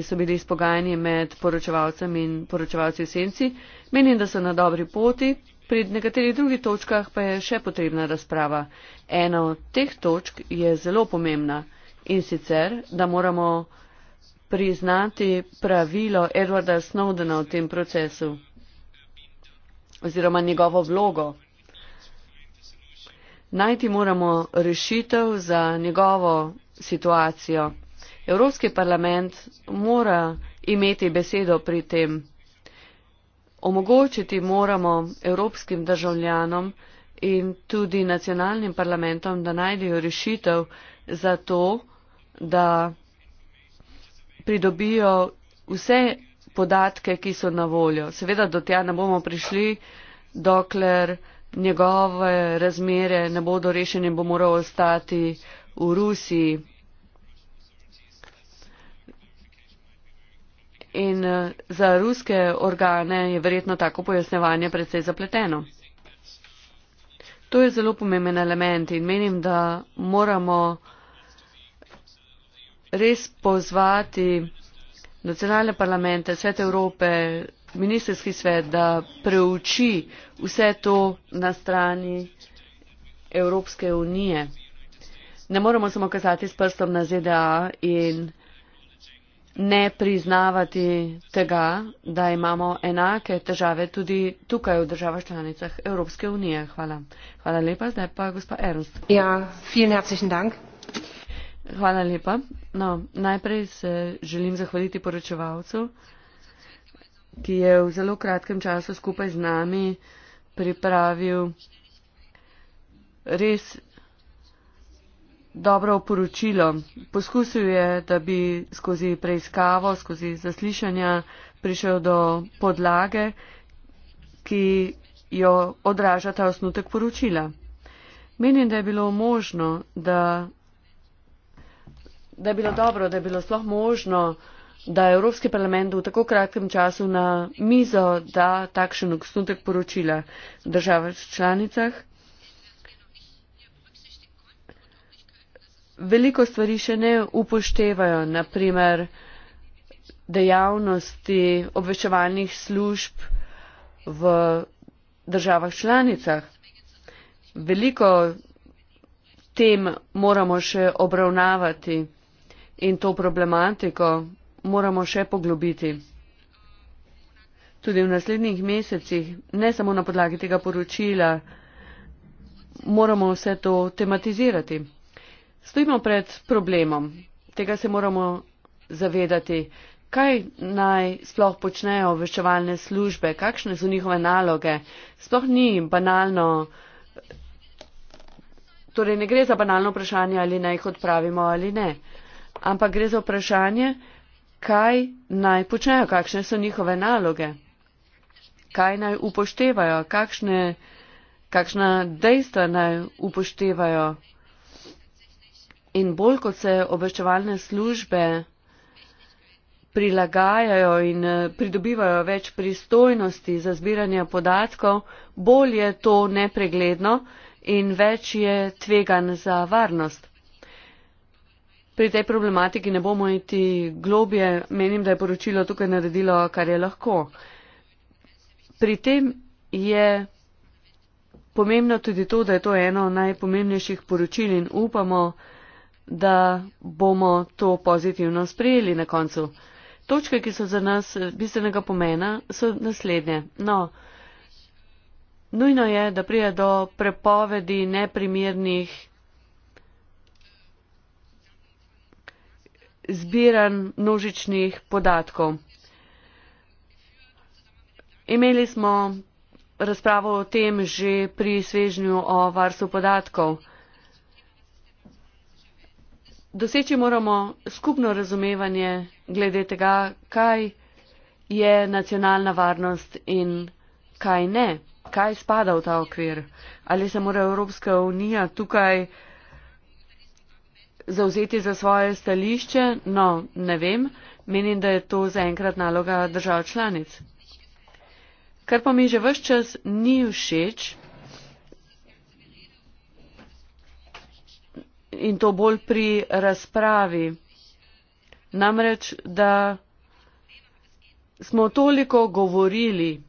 so bili izpogajani med poročevalcem in poročevalci v senci. Menim, da so na dobri poti, pri nekaterih drugih točkah pa je še potrebna razprava. Ena od teh točk je zelo pomembna in sicer, da moramo priznati pravilo Edwarda Snowdena v tem procesu oziroma njegovo vlogo. Najti moramo rešitev za njegovo situacijo. Evropski parlament mora imeti besedo pri tem. Omogočiti moramo evropskim državljanom in tudi nacionalnim parlamentom, da najdejo rešitev za to, da pridobijo vse podatke, ki so na voljo. Seveda do tja ne bomo prišli, dokler njegove razmere ne bodo rešene in bo moral ostati v Rusiji. in eh, za ruske organe je verjetno tako pojasnevanje predvsej zapleteno. To je zelo pomemben element in menim, da moramo res pozvati nacionalne parlamente, svet Evrope, ministerski svet, da preuči vse to na strani Evropske unije. Ne moramo samo kazati s prstom na ZDA in ne priznavati tega, da imamo enake težave tudi tukaj v državah članicah Evropske unije. Hvala. Hvala lepa. Zdaj pa gospa Ernst. Ja, vielen herzlichen Dank. Hvala lepa. No, najprej se želim zahvaliti poročevalcu, ki je v zelo kratkem času skupaj z nami pripravil res dobro poročilo. Poskusil je, da bi skozi preiskavo, skozi zaslišanja prišel do podlage, ki jo odraža ta osnutek poročila. Menim, da je bilo možno, da, da je bilo dobro, da je bilo sploh možno, da je Evropski parlament v tako kratkem času na mizo da takšen osnutek poročila državah članicah veliko stvari še ne upoštevajo, naprimer dejavnosti obveščevalnih služb v državah članicah. Veliko tem moramo še obravnavati in to problematiko moramo še poglobiti. Tudi v naslednjih mesecih, ne samo na podlagi tega poročila, moramo vse to tematizirati. Stojimo pred problemom. Tega se moramo zavedati. Kaj naj sploh počnejo obveščevalne službe, kakšne so njihove naloge? Sploh ni banalno, torej ne gre za banalno vprašanje, ali naj jih odpravimo ali ne, ampak gre za vprašanje, kaj naj počnejo, kakšne so njihove naloge, kaj naj upoštevajo, kakšne, kakšna dejstva naj upoštevajo. In bolj kot se obveščevalne službe prilagajajo in eh, pridobivajo več pristojnosti za zbiranje podatkov, bolj je to nepregledno in več je tvegan za varnost. Pri tej problematiki ne bomo iti globje, menim, da je poročilo tukaj naredilo, kar je lahko. Pri tem je pomembno tudi to, da je to eno najpomembnejših poročil in upamo, da bomo to pozitivno sprejeli na koncu. Točke, ki so za nas eh, bistvenega pomena, so naslednje. No, nujno je, da prije do prepovedi neprimernih zbiran množičnih podatkov. Imeli smo razpravo o tem že pri svežnju o varstvu podatkov doseči moramo skupno razumevanje glede tega, kaj je nacionalna varnost in kaj ne, kaj spada v ta okvir. Ali se mora Evropska unija tukaj zauzeti za svoje stališče? No, ne vem. Menim, da je to zaenkrat naloga držav članic. Kar pa mi že vse čas ni všeč, in to bolj pri razpravi. Namreč, da smo toliko govorili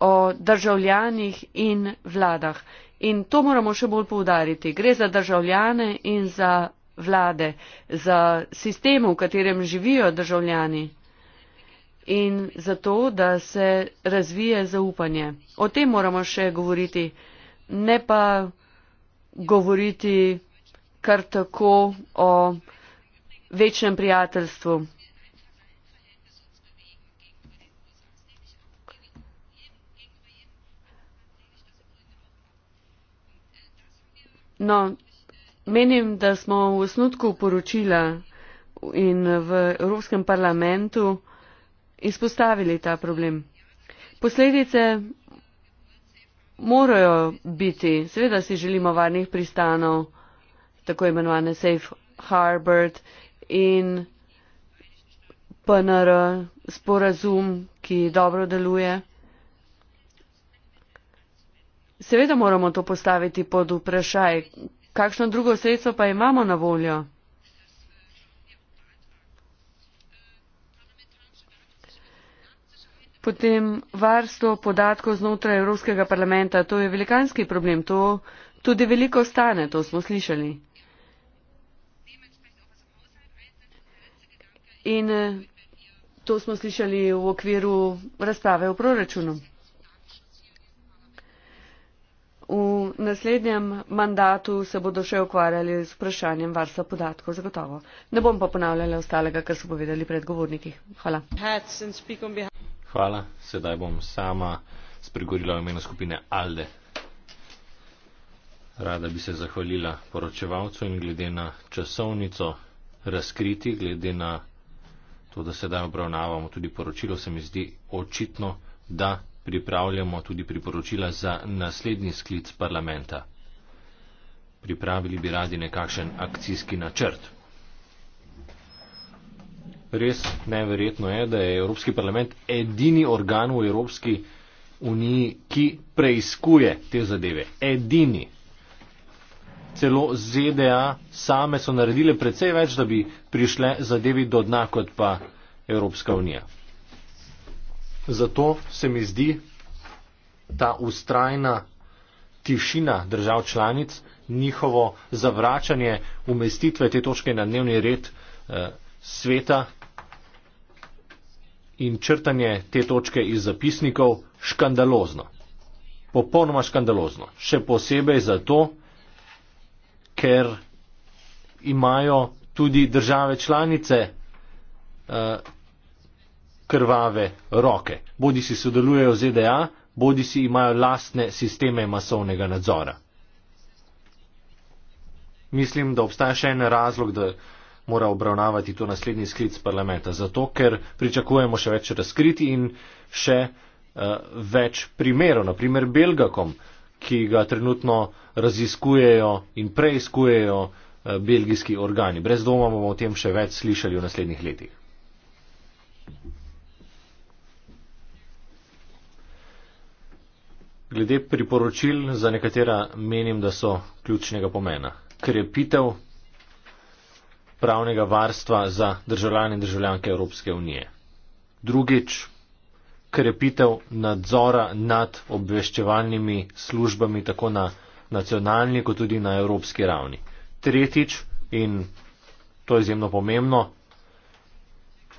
o državljanih in vladah. In to moramo še bolj povdariti. Gre za državljane in za vlade, za sistem, v katerem živijo državljani in za to, da se razvije zaupanje. O tem moramo še govoriti, ne pa govoriti kar tako o večnem prijateljstvu. No, menim, da smo v osnutku poročila in v Evropskem parlamentu izpostavili ta problem. Posledice morajo biti, seveda si želimo varnih pristanov tako imenovane Safe Harbor in PNR sporazum, ki dobro deluje. Seveda moramo to postaviti pod vprašaj, kakšno drugo sredstvo pa imamo na voljo. Potem varstvo podatkov znotraj Evropskega parlamenta, to je velikanski problem, to tudi veliko stane, to smo slišali. in eh, to smo slišali v okviru razprave o proračunu. V naslednjem mandatu se bodo še ukvarjali z vprašanjem varstva podatkov, zagotovo. Ne bom pa ponavljala ostalega, kar so povedali predgovorniki. Hvala. Hvala. Sedaj bom sama spregovorila v imenu skupine Alde. Rada bi se zahvalila poročevalcu in glede na časovnico razkriti, glede na to, da sedaj obravnavamo tudi poročilo, se mi zdi očitno, da pripravljamo tudi priporočila za naslednji sklic parlamenta. Pripravili bi radi nekakšen akcijski načrt. Res neverjetno je, da je Evropski parlament edini organ v Evropski uniji, ki preiskuje te zadeve. Edini celo ZDA same so naredile precej več, da bi prišle zadevi do dna kot pa Evropska unija. Zato se mi zdi ta ustrajna tišina držav članic, njihovo zavračanje umestitve te točke na dnevni red eh, sveta in črtanje te točke iz zapisnikov škandalozno. Popolnoma škandalozno. Še posebej zato, ker imajo tudi države članice eh, krvave roke. Bodi si sodelujejo z EDA, bodi si imajo lastne sisteme masovnega nadzora. Mislim, da obstaja še en razlog, da mora obravnavati to naslednji sklic parlamenta. Zato, ker pričakujemo še več razkriti in še uh, več primerov, naprimer Belgakom. Uh, ki ga trenutno raziskujejo in preizkujejo eh, belgijski organi. Brez doma bomo o tem še več slišali v naslednjih letih. Glede priporočil, za nekatera menim, da so ključnega pomena. Krepitev pravnega varstva za državljane in državljanke Evropske unije. Drugič, krepitev nadzora nad obveščevalnimi službami tako na nacionalni kot tudi na evropski ravni. Tretjič, in to je izjemno pomembno,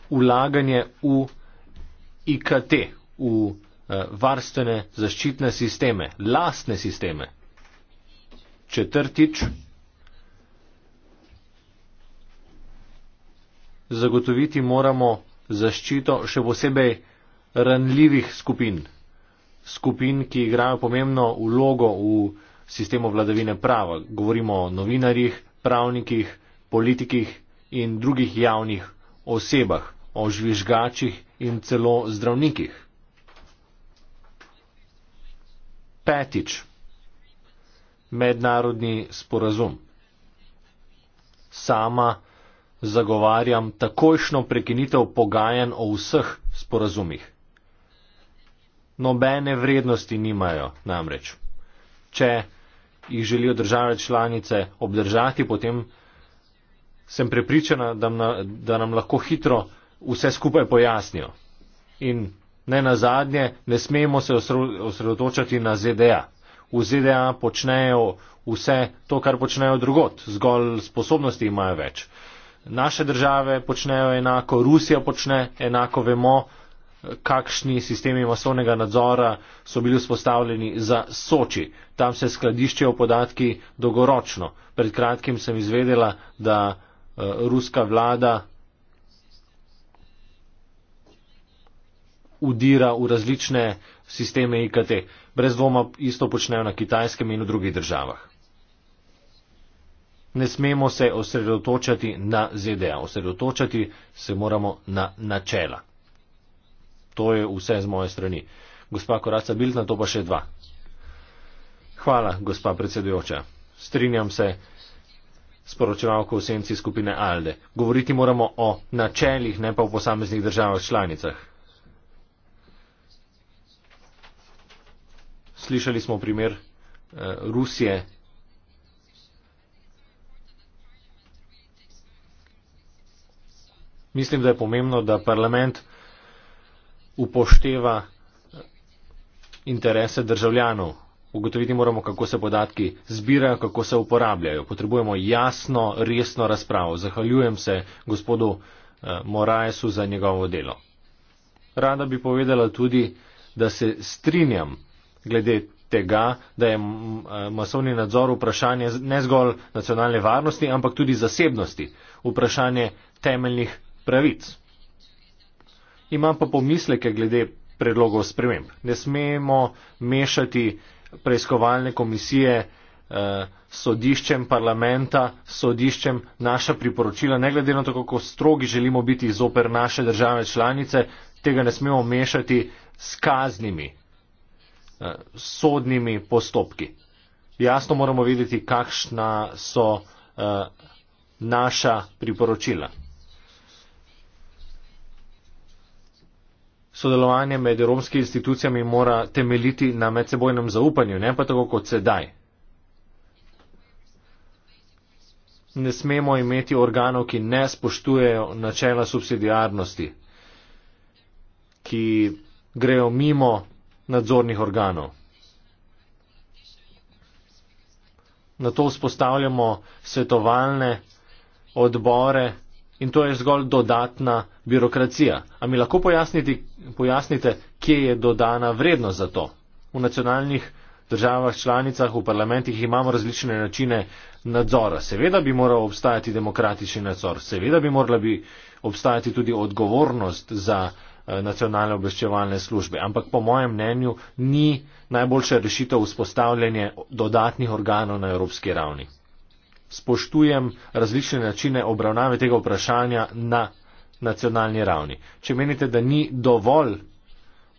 ulaganje v IKT, v eh, varstvene zaščitne sisteme, lastne sisteme. Četrtič, zagotoviti moramo zaščito še posebej ranljivih skupin, skupin, ki igrajo pomembno vlogo v sistemu vladavine prava. Govorimo o novinarjih, pravnikih, politikih in drugih javnih osebah, o žvižgačih in celo zdravnikih. Petič. Mednarodni sporazum. Sama zagovarjam takojšno prekinitev pogajanj o vseh sporazumih nobene vrednosti nimajo namreč. Če jih želijo države članice obdržati, potem sem prepričana, da, na, da nam lahko hitro vse skupaj pojasnijo. In ne na zadnje, ne smemo se osredotočati na ZDA. V ZDA počnejo vse to, kar počnejo drugot, zgolj sposobnosti imajo več. Naše države počnejo enako, Rusija počne enako, vemo, kakšni sistemi masovnega nadzora so bili vzpostavljeni za Soči. Tam se skladiščejo podatki dolgoročno. Pred kratkim sem izvedela, da eh, ruska vlada udira v različne sisteme IKT. Brez dvoma isto počnejo na kitajskem in v drugih državah. Ne smemo se osredotočati na ZDA, osredotočati se moramo na načela to je vse z moje strani. Gospa Koraca Bilt, na to pa še dva. Hvala, gospa predsedujoča. Strinjam se s poročevalko v senci skupine Alde. Govoriti moramo o načeljih, ne pa o posameznih državah članicah. Slišali smo primer eh, Rusije. Mislim, da je pomembno, da parlament upošteva interese državljanov. Ugotoviti moramo, kako se podatki zbirajo, kako se uporabljajo. Potrebujemo jasno, resno razpravo. Zahvaljujem se gospodu eh, Moraesu za njegovo delo. Rada bi povedala tudi, da se strinjam glede tega, da je mm, eh, masovni nadzor vprašanje ne zgolj nacionalne varnosti, ampak tudi zasebnosti, vprašanje temeljnih pravic imam pa pomisleke glede predlogov sprememb. Ne smemo mešati preiskovalne komisije eh, s sodiščem parlamenta, s sodiščem naša priporočila, ne glede na to, kako strogi želimo biti izoper naše države članice, tega ne smemo mešati s kaznimi eh, sodnimi postopki. Jasno moramo videti, kakšna so uh, naša priporočila. sodelovanje med romskimi institucijami mora temeljiti na medsebojnem zaupanju, ne pa tako kot sedaj. Ne smemo imeti organov, ki ne spoštujejo načela subsidijarnosti, ki grejo mimo nadzornih organov. Na to vzpostavljamo svetovalne odbore, in to je zgolj dodatna birokracija. A mi lahko pojasnite, kje je dodana vrednost za to? V nacionalnih državah, članicah, v parlamentih imamo različne načine nadzora. Seveda bi moral obstajati demokratični nadzor, seveda bi morala bi obstajati tudi odgovornost za eh, nacionalne obveščevalne službe, ampak po mojem mnenju ni najboljša rešitev vzpostavljanje dodatnih organov na evropski ravni spoštujem različne načine obravnave tega vprašanja na nacionalni ravni. Če menite, da ni dovolj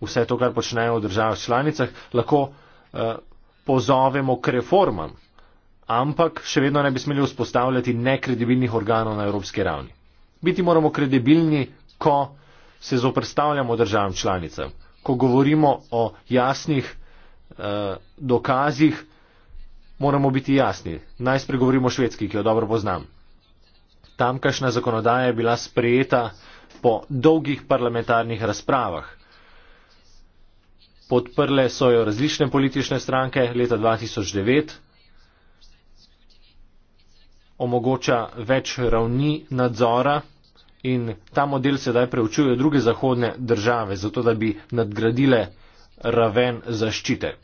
vse to, kar počnejo v državah članicah, lahko eh, pozovemo k reformam, ampak še vedno ne bi smeli vzpostavljati nekredibilnih organov na evropski ravni. Biti moramo kredibilni, ko se zoprstavljamo državam članicam, ko govorimo o jasnih eh, dokazih moramo biti jasni. Naj spregovorimo švedski, ki jo dobro poznam. Tamkajšnja zakonodaja je bila sprejeta po dolgih parlamentarnih razpravah. Podprle so jo različne politične stranke leta 2009. Omogoča več ravni nadzora in ta model sedaj preučuje druge zahodne države, zato da bi nadgradile raven zaščite.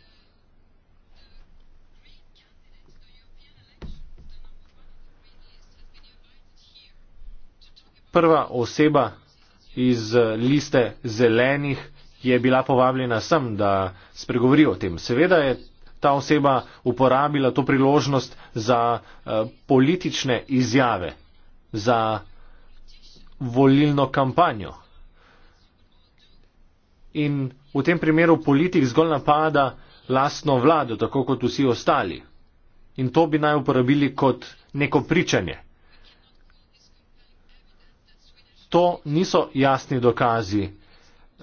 prva oseba iz liste zelenih je bila povabljena sem, da spregovori o tem. Seveda je ta oseba uporabila to priložnost za eh, politične izjave, za volilno kampanjo. In v tem primeru politik zgolj napada lastno vlado, tako kot vsi ostali. In to bi naj uporabili kot neko pričanje to niso jasni dokazi,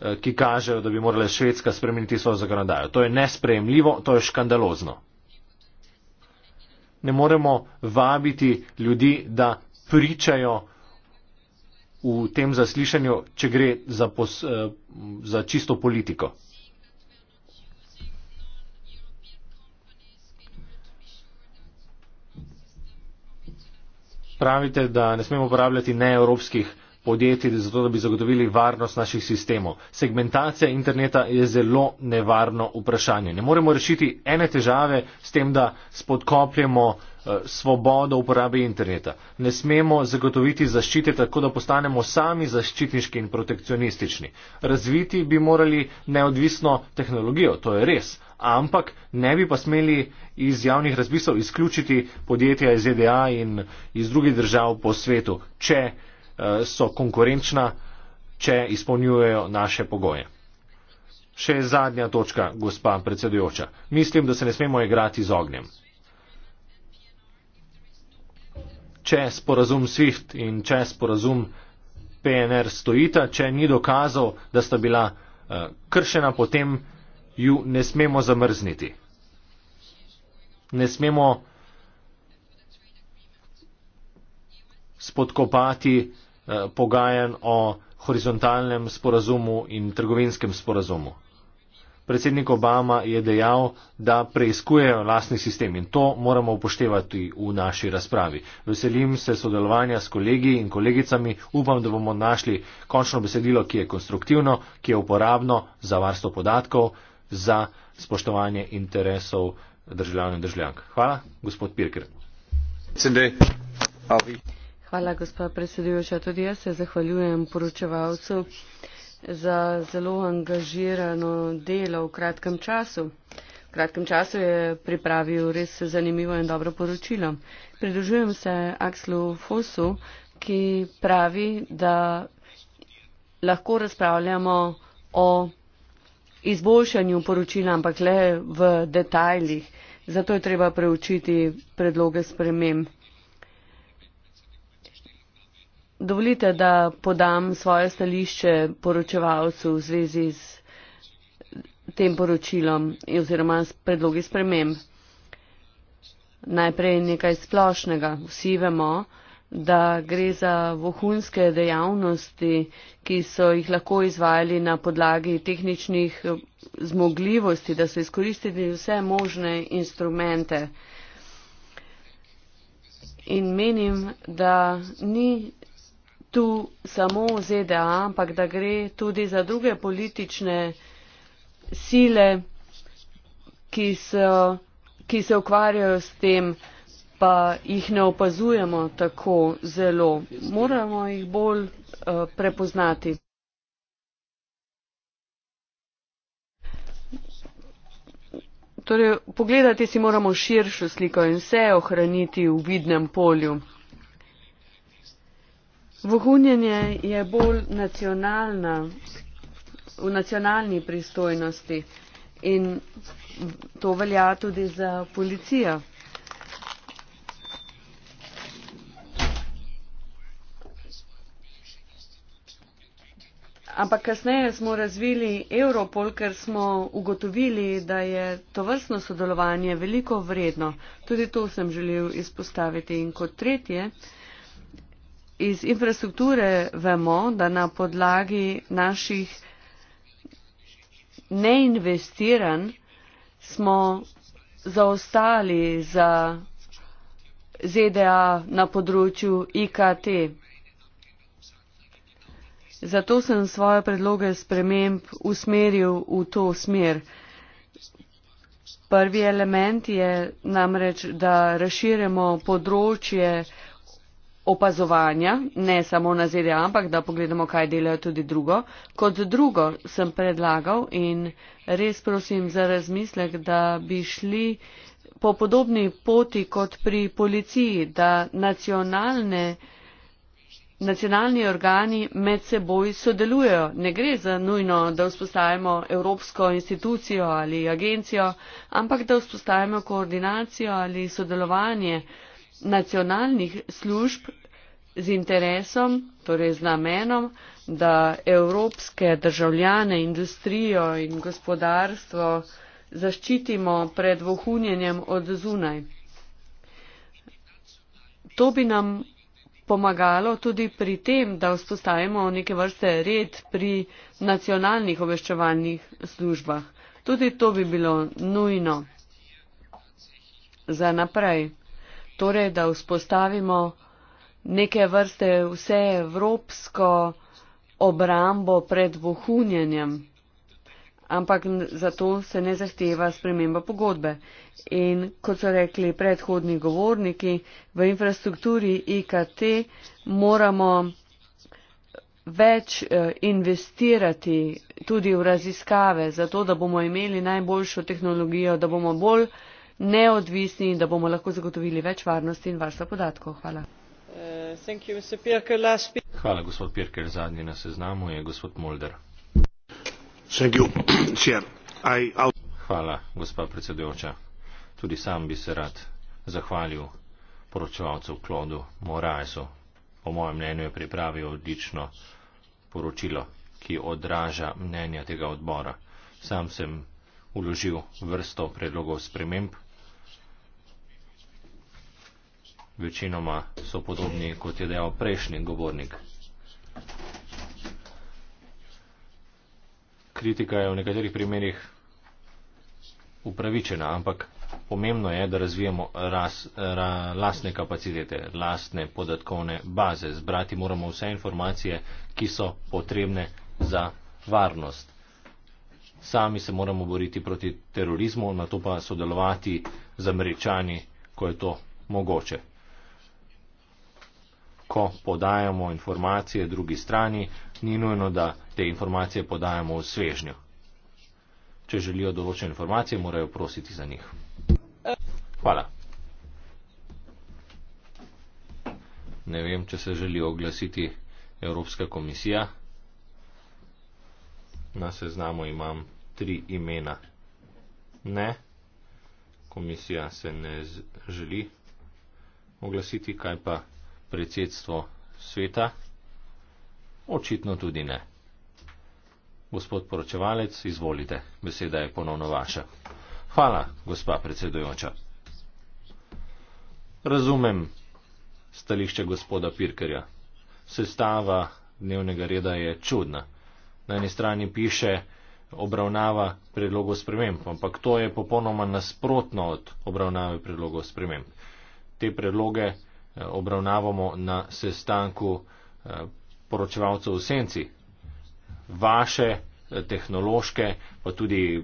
eh, ki kažejo, da bi morala Švedska spremeniti svojo zakonodajo. To je nesprejemljivo, to je škandalozno. Ne moremo vabiti ljudi, da pričajo v tem zaslišanju, če gre za, pos, eh, za čisto politiko. Pravite, da ne smemo uporabljati neevropskih podjetij, zato da bi zagotovili varnost naših sistemov. Segmentacija interneta je zelo nevarno vprašanje. Ne moremo rešiti ene težave s tem, da spodkopljemo eh, svobodo uporabe interneta. Ne smemo zagotoviti zaščite tako, da postanemo sami zaščitniški in protekcionistični. Razviti bi morali neodvisno tehnologijo, to je res, ampak ne bi pa smeli iz javnih razpisov izključiti podjetja iz EDA in iz drugih držav po svetu, če Eh, so konkurenčna, če izpolnjujejo naše pogoje. Še zadnja točka, gospa predsedujoča. Mislim, da se ne smemo igrati z ognjem. Če sporazum SWIFT in če sporazum PNR stojita, če ni dokazov, da sta bila uh, kršena, potem ju ne smemo zamrzniti. Ne smemo spodkopati uh, Eh, pogajan o horizontalnem sporazumu in trgovinskem sporazumu. Predsednik Obama je dejal, da preizkujejo lastni sistem in to moramo upoštevati v naši razpravi. Veselim se sodelovanja s kolegi in kolegicami, upam, da bomo našli končno besedilo, ki je konstruktivno, ki je uporabno za varstvo podatkov, za spoštovanje interesov državljanov in državljank. Hvala, gospod Pirker. Hvala, gospa predsedujoča. Tudi jaz se zahvaljujem poročevalcu za zelo angažirano delo v kratkem času. V kratkem času je pripravil res zanimivo in dobro poročilo. Pridružujem se Akslu Fosu, ki pravi, da lahko razpravljamo o izboljšanju poročila, ampak le v detajlih. Zato je treba preučiti predloge spremem dovolite, da podam svoje stališče poročevalcu v zvezi z tem poročilom oziroma s predlogi sprememb. Najprej nekaj splošnega. Vsi vemo, da gre za vohunske dejavnosti, ki so jih lahko izvajali na podlagi tehničnih zmogljivosti, da so izkoristili vse možne instrumente. In menim, da ni tu samo ZDA, ampak da gre tudi za druge politične sile, ki, so, ki se ukvarjajo s tem, pa jih ne opazujemo tako zelo. Moramo jih bolj uh, prepoznati. Torej, pogledati si moramo širšo sliko in vse ohraniti v vidnem polju. Vohunjenje je bolj nacionalna, v nacionalni pristojnosti in to velja tudi za policijo. Ampak kasneje smo razvili Europol, ker smo ugotovili, da je to vrstno sodelovanje veliko vredno. Tudi to sem želel izpostaviti. In kot tretje, iz infrastrukture vemo, da na podlagi naših neinvestiran smo zaostali za ZDA na področju IKT. Zato sem svoje predloge sprememb usmeril v to smer. Prvi element je namreč, da razširimo področje, opazovanja, ne samo na ZDA, ampak da pogledamo, kaj delajo tudi drugo. Kot drugo sem predlagal in res prosim za razmislek, da bi šli po podobni poti kot pri policiji, da nacionalne. Nacionalni organi med seboj sodelujejo. Ne gre za nujno, da vzpostavimo evropsko institucijo ali agencijo, ampak da vzpostavimo koordinacijo ali sodelovanje nacionalnih služb z interesom, torej z namenom, da evropske državljane, industrijo in gospodarstvo zaščitimo pred vohunjenjem od zunaj. To bi nam pomagalo tudi pri tem, da vzpostavimo neke vrste red pri nacionalnih obveščevalnih službah. Tudi to bi bilo nujno za naprej torej da vzpostavimo neke vrste vseevropsko obrambo pred vohunjenjem. Ampak za to se ne zahteva sprememba pogodbe. In kot so rekli predhodni govorniki, v infrastrukturi IKT moramo več eh, investirati tudi v raziskave, zato da bomo imeli najboljšo tehnologijo, da bomo bolj uh, neodvisni in da bomo lahko zagotovili več varnosti in varstva podatkov. Hvala. Hvala, gospod Pirker. Zadnji na seznamu je gospod Mulder. Hvala, gospod predsedujoča. Tudi sam bi se rad zahvalil poročevalcu Klodu Moraesu. Po mojem mnenju je pripravil odlično poročilo, ki odraža mnenja tega odbora. Sam sem uložil vrsto predlogov sprememb, večinoma so podobni, kot je dejal prejšnji govornik. Kritika je v nekaterih primerjih upravičena, ampak pomembno je, da razvijemo ras, ra, lasne kapacitete, lasne podatkovne baze. Zbrati moramo vse informacije, ki so potrebne za varnost. Sami se moramo boriti proti terorizmu, na to pa sodelovati z američani, ko je to mogoče ko podajamo informacije drugi strani, ni nujno, da te informacije podajamo v svežnju. Če želijo določene informacije, morajo prositi za njih. Hvala. Ne vem, če se želi oglasiti Evropska komisija. Na seznamu imam tri imena. Ne. Komisija se ne želi oglasiti, kaj pa predsedstvo sveta? Očitno tudi ne. Gospod poročevalec, izvolite, beseda je ponovno vaša. Hvala, gospa predsedujoča. Razumem stališče gospoda Pirkerja. Sestava dnevnega reda je čudna. Na eni strani piše obravnava predlogov sprememb, ampak to je popolnoma nasprotno od obravnave predlogov sprememb. Te predloge Eh, obravnavamo na sestanku eh, poročevalcev v senci. Vaše eh, tehnološke, pa tudi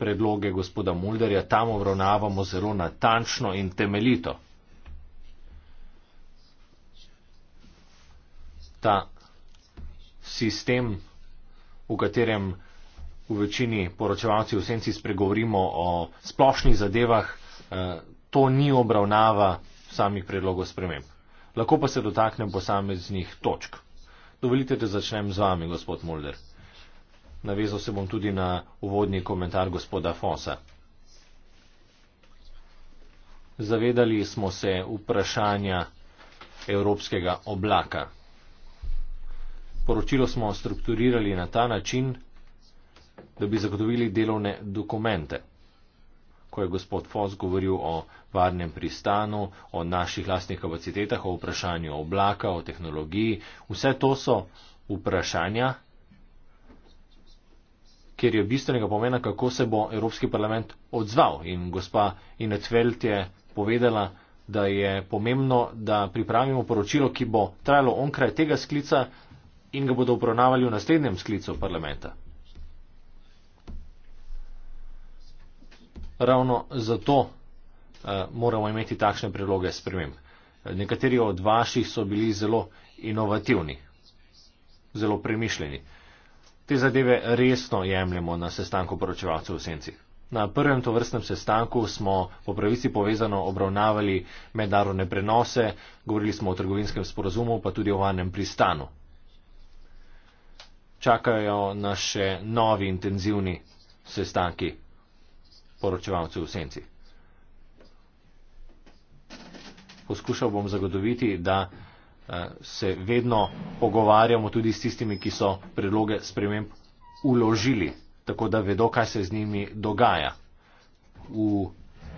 predloge gospoda Mulderja tam obravnavamo zelo natančno in temeljito. Ta sistem, v katerem v večini poročevalci v senci spregovorimo o splošnih zadevah, to ni obravnava samih predlogov sprememb. Lahko pa se dotaknem posameznih točk. Dovolite, da začnem z vami, gospod Mulder. Navezal se bom tudi na uvodni komentar gospoda Fosa. Zavedali smo se vprašanja evropskega oblaka. Poročilo smo strukturirali na ta način, da bi zagotovili delovne dokumente ko je gospod Fos govoril o varnem pristanu, o naših lastnih kapacitetah, o vprašanju oblaka, o tehnologiji. Vse to so vprašanja, kjer je bistvenega pomena, kako se bo Evropski parlament odzval. In gospa Inetfeld je povedala, da je pomembno, da pripravimo poročilo, ki bo trajalo onkraj tega sklica in ga bodo upravnavali v naslednjem sklicu parlamenta. ravno zato eh, moramo imeti takšne predloge sprememb. Eh, nekateri od vaših so bili zelo inovativni, zelo premišljeni. Te zadeve resno jemljemo na sestanku poročevalcev v senci. Na prvem tovrstnem sestanku smo po pravici povezano obravnavali mednarodne prenose, govorili smo o trgovinskem sporozumu, pa tudi o vanjem pristanu. Čakajo nas še novi intenzivni sestanki poročevalcu v senci. Poskušal bom zagotoviti, da eh, se vedno pogovarjamo tudi s tistimi, ki so predloge sprememb uložili, tako da vedo, kaj se z njimi dogaja. V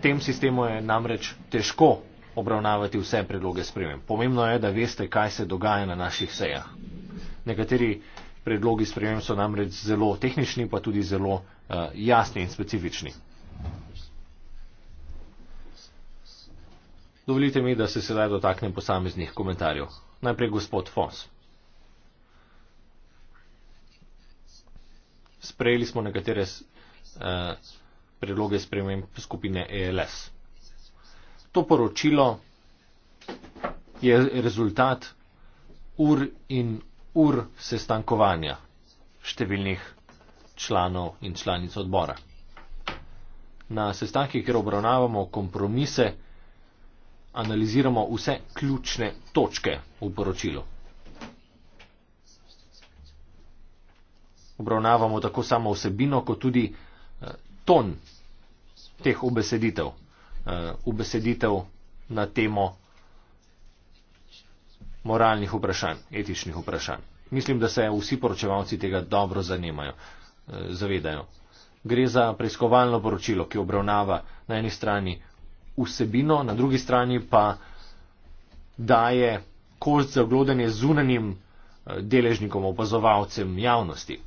tem sistemu je namreč težko obravnavati vse predloge sprememb. Pomembno je, da veste, kaj se dogaja na naših sejah. Nekateri predlogi sprememb so namreč zelo tehnični, pa tudi zelo uh, jasni in specifični. Dovolite mi, da se sedaj dotaknem posameznih komentarjev. Najprej gospod Fons. Sprejeli smo nekatere eh, predloge sprememb skupine ELS. To poročilo je rezultat ur in ur sestankovanja številnih članov in članic odbora na sestankih, kjer obravnavamo kompromise, analiziramo vse ključne točke v poročilu. Obravnavamo tako samo vsebino, kot tudi eh, ton teh ubeseditev, eh, ubeseditev na temo moralnih vprašanj, etičnih vprašanj. Mislim, da se vsi poročevalci tega dobro zanimajo, eh, zavedajo gre za preiskovalno poročilo, ki obravnava na eni strani vsebino, na drugi strani pa daje kost za oglodanje zunanjim eh, deležnikom, opazovalcem javnosti.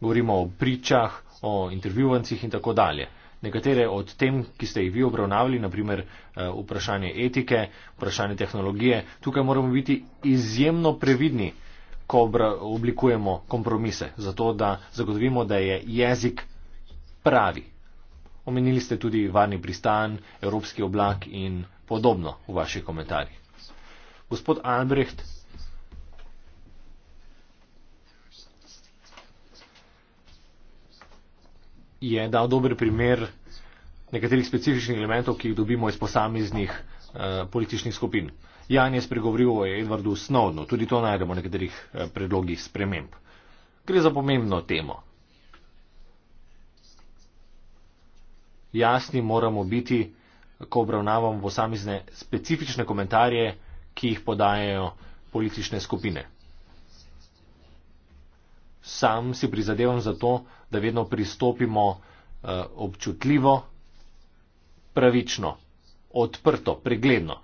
Govorimo o pričah, o intervjuvancih in tako dalje. Nekatere od tem, ki ste jih vi obravnavali, naprimer eh, vprašanje etike, vprašanje tehnologije, tukaj moramo biti izjemno previdni ko oblikujemo kompromise, zato da zagotovimo, da je jezik pravi. Omenili ste tudi varni pristan, evropski oblak in podobno v vaših komentarjih. Gospod Albrecht, je dal dober primer nekaterih specifičnih elementov, ki jih dobimo iz posameznih uh, političnih skupin. Uh, Jan je spregovoril o Edwardu Snowdnu, tudi to najdemo v nekaterih eh, predlogih sprememb. Gre za pomembno temo. Jasni moramo biti, ko obravnavamo posamezne specifične komentarje, ki jih podajajo politične skupine. Sam si prizadevam za to, da vedno pristopimo eh, občutljivo, pravično, odprto, pregledno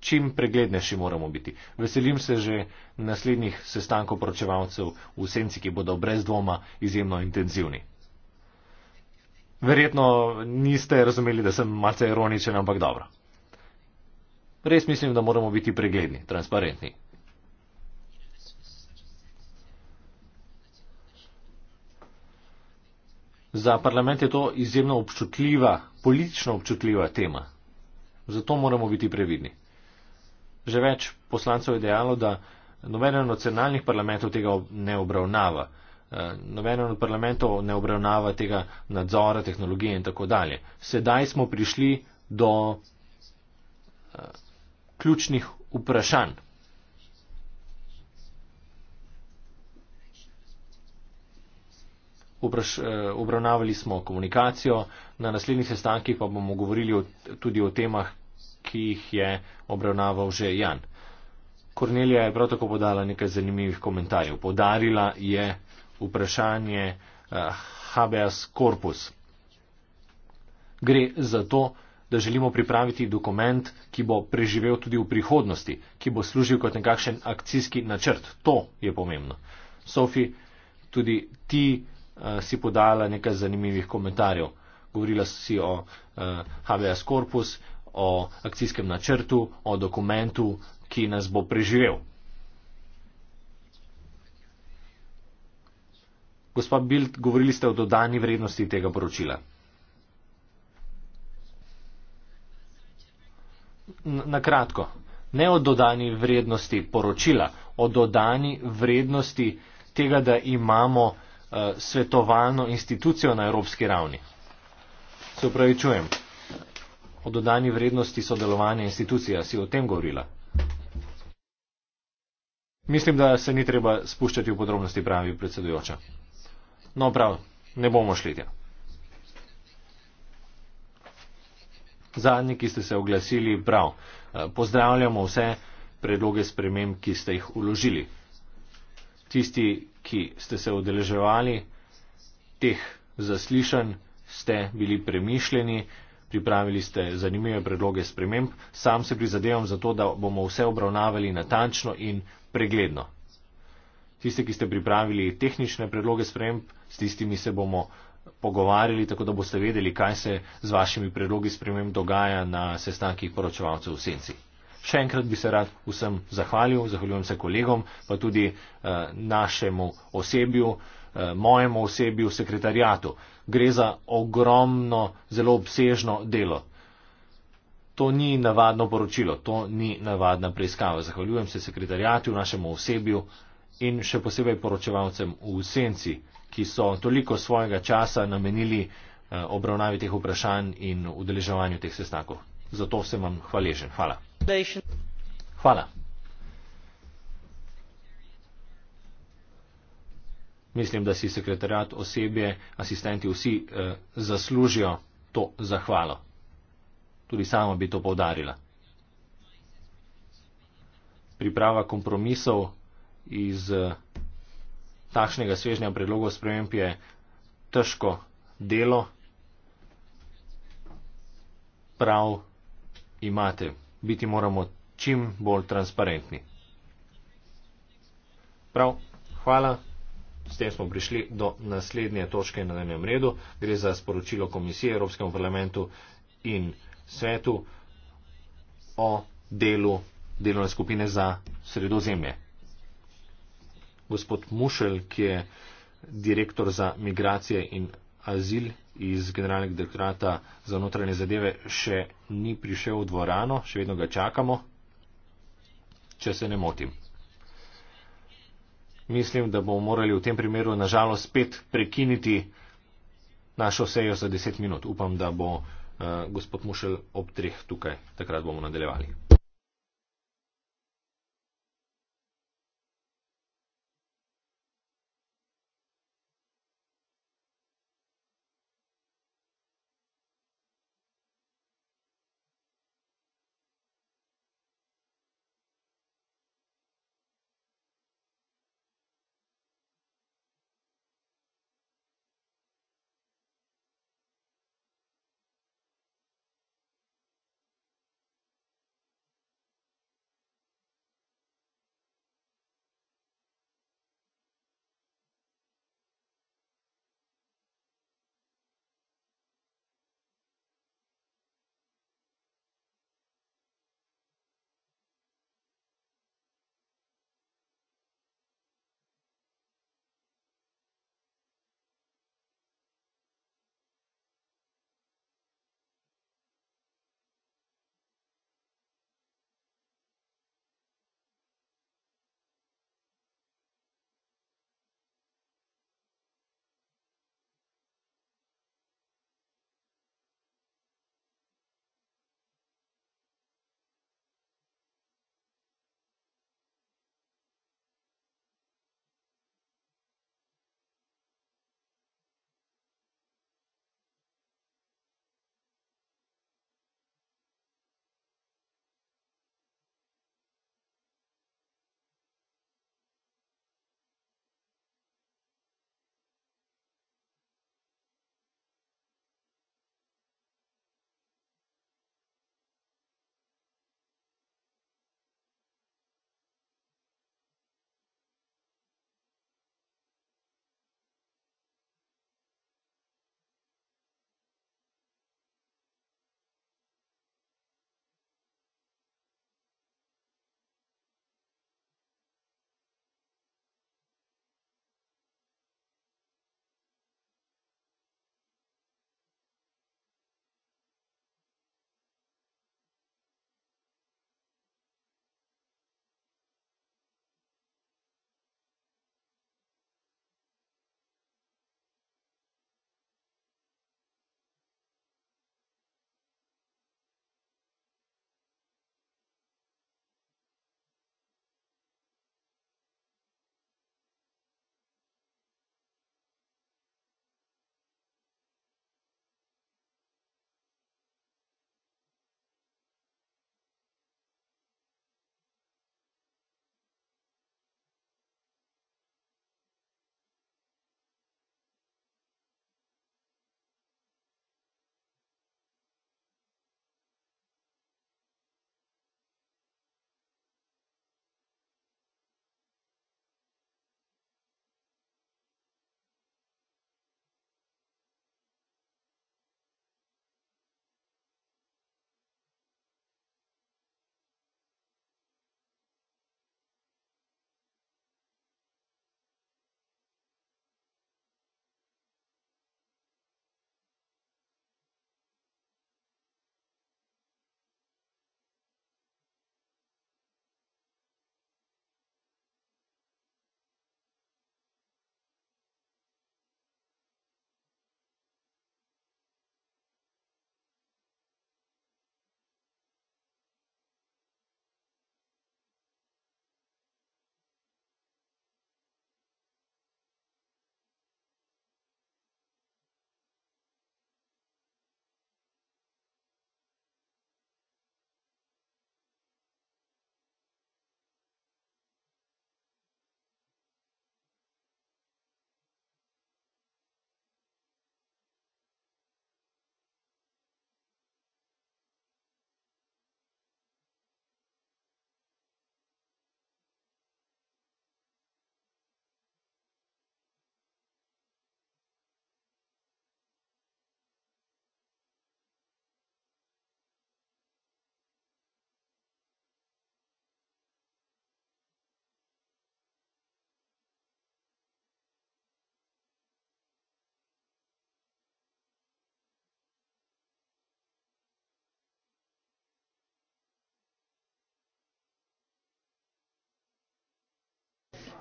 čim preglednejši moramo biti. Veselim se že naslednjih sestankov poročevalcev v senci, ki bodo brez dvoma izjemno intenzivni. Verjetno niste razumeli, da sem malce ironičen, ampak dobro. Res mislim, da moramo biti pregledni, transparentni. Za parlament je to izjemno občutljiva, politično občutljiva tema. Zato moramo biti previdni. Že več poslancev je dejalo, da nobeno nacionalnih parlamentov tega ne obravnava. Eh, nobeno od parlamentov ne obravnava tega nadzora, tehnologije in tako dalje. Sedaj smo prišli do eh, ključnih vprašanj. Vpraš, eh, obravnavali smo komunikacijo, na naslednjih sestankih pa bomo govorili o, tudi o temah, ki jih je obravnaval že Jan. Kornelija je prav tako podala nekaj zanimivih komentarjev. Podarila je vprašanje uh, habeas corpus. Gre za to, da želimo pripraviti dokument, ki bo preživel tudi v prihodnosti, ki bo služil kot nekakšen akcijski načrt. To je pomembno. Sofi, tudi ti uh, si podala nekaj zanimivih komentarjev. Govorila si o uh, habeas corpus, o akcijskem načrtu, o dokumentu, ki nas bo preživel. Gospa Bild, govorili ste o dodani vrednosti tega poročila. Na kratko, ne o dodani vrednosti poročila, o dodani vrednosti tega, da imamo uh, svetovalno institucijo na evropski ravni. Se upravičujem o dodani vrednosti sodelovanja institucija, si o tem govorila. Mislim, da se ni treba spuščati v podrobnosti, pravi predsedujoča. No prav, ne bomo šli tja. Zadnji, ki ste se oglasili, prav, eh, pozdravljamo vse predloge sprememb, ki ste jih uložili. Tisti, ki ste se odeleževali teh zaslišanj, ste bili premišljeni, pripravili ste zanimive predloge sprememb, sam se prizadevam za to, da bomo vse obravnavali natančno in pregledno. Tiste, ki ste pripravili tehnične predloge sprememb, s tistimi se bomo pogovarjali, tako da boste vedeli, kaj se z vašimi predlogi sprememb dogaja na sestankih poročevalcev v senci. Še enkrat bi se rad vsem zahvalil, zahvaljujem se kolegom, pa tudi uh, našemu osebju. Eh, mojemu osebi v sekretarijatu. Gre za ogromno, zelo obsežno delo. To ni navadno poročilo, to ni navadna preiskava. Zahvaljujem se sekretarijatu, našemu osebju in še posebej poročevalcem v senci, ki so toliko svojega časa namenili eh, obravnavi teh vprašanj in udeleževanju teh sestankov. Zato sem vam hvaležen. Hvala. Hvala. mislim, da si sekretarjat osebje, asistenti vsi eh, zaslužijo to zahvalo. Tudi sama bi to povdarila. Priprava kompromisov iz eh, takšnega svežnja predlogov sprememb je težko delo. Prav imate. Biti moramo čim bolj transparentni. Prav, hvala. S tem smo prišli do naslednje točke na dnevnem redu. Gre za sporočilo Komisije Evropskemu parlamentu in svetu o delu delovne skupine za sredozemlje. Gospod Mušel, ki je direktor za migracije in azil iz generalnega direktorata za notranje zadeve, še ni prišel v dvorano, še vedno ga čakamo, če se ne motim mislim, da bomo morali v tem primeru nažalost spet prekiniti našo sejo za deset minut. Upam, da bo uh, gospod Mušel ob treh tukaj, takrat bomo nadaljevali.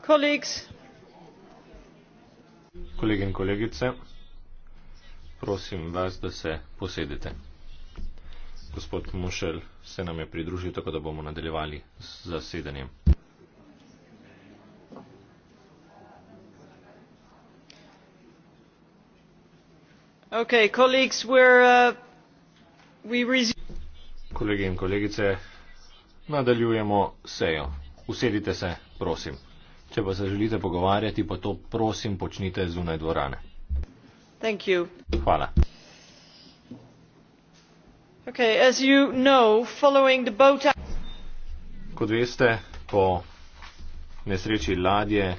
Kolegi in kolegice, prosim vas, da se posedete. Gospod Mušel se nam je pridružil, tako da bomo nadaljevali z zasedanjem. Okay, colleagues, we're, uh, we resume... Kolegi in kolegice, nadaljujemo sejo. Usedite se, prosim. Če pa se želite pogovarjati, pa to prosim počnite zunaj dvorane. Hvala. Okay, as you know, following the boat... Kot veste, po nesreči ladje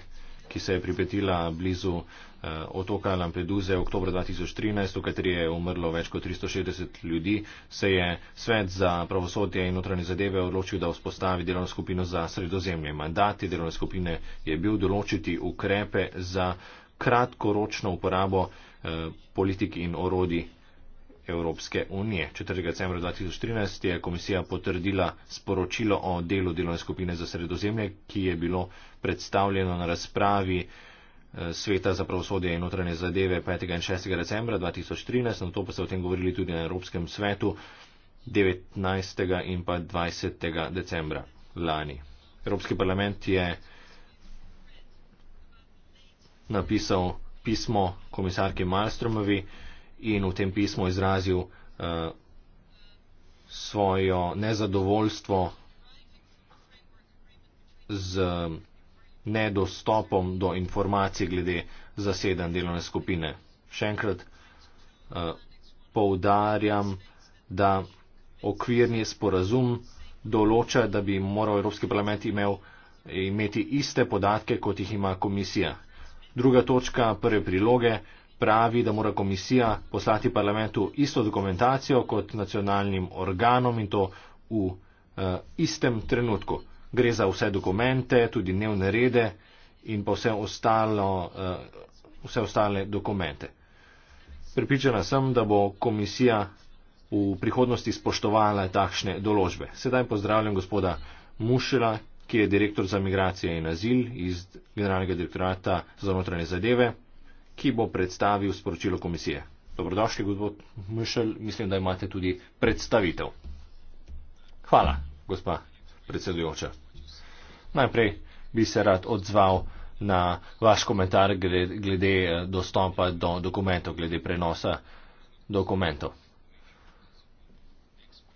ki se je pripetila blizu eh, otoka Lampeduze v oktober 2013, v kateri je umrlo več kot 360 ljudi, se je Svet za pravosodje in notranje zadeve odločil, da vzpostavi delovno skupino za sredozemlje. Mandati delovne skupine je bil določiti ukrepe za kratkoročno uporabo eh, politik in orodi Evropske unije. 4. decembra 2013 je komisija potrdila sporočilo o delu delovne skupine za sredozemlje, ki je bilo predstavljeno na razpravi eh, Sveta za pravosodje in notranje zadeve 5. in 6. decembra 2013, na to pa so o tem govorili tudi na Evropskem svetu 19. in pa 20. decembra lani. Evropski parlament je napisal pismo komisarki Malstromovi, in v tem pismu izrazil uh, svojo nezadovoljstvo z nedostopom do informacij glede zasedan delovne skupine. Še enkrat uh, poudarjam, da okvirni sporazum določa, da bi moral Evropski parlament imel, imeti iste podatke, kot jih ima komisija. Druga točka, prve priloge, pravi, da mora komisija poslati parlamentu isto dokumentacijo kot nacionalnim organom in to v uh, istem trenutku. Gre za vse dokumente, tudi dnevne rede in pa vse, ostalo, uh, vse ostale dokumente. Pripričana sem, da bo komisija v prihodnosti spoštovala takšne določbe. Sedaj pozdravljam gospoda Mušela, ki je direktor za migracije in azil iz Generalnega direktorata za notranje zadeve ki bo predstavil sporočilo komisije. Dobrodošli, gospod Mišel, mislim, da imate tudi predstavitev. Hvala, gospa predsedujoča. Najprej bi se rad odzval na vaš komentar glede, glede eh, dostopa do dokumentov, glede prenosa dokumentov.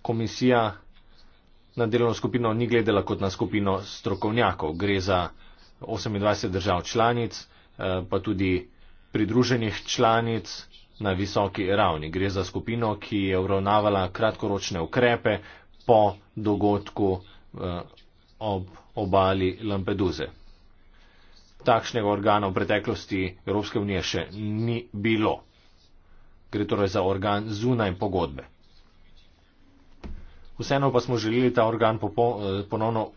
Komisija na delovno skupino ni gledala kot na skupino strokovnjakov. Gre za 28 držav članic, eh, pa tudi pridruženih članic na visoki ravni. Gre za skupino, ki je uravnavala kratkoročne ukrepe po dogodku eh, ob obali Lampeduze. Takšnega organa v preteklosti Evropske unije še ni bilo. Gre torej za organ zunaj pogodbe. Vseeno pa smo želeli ta organ eh, ponovno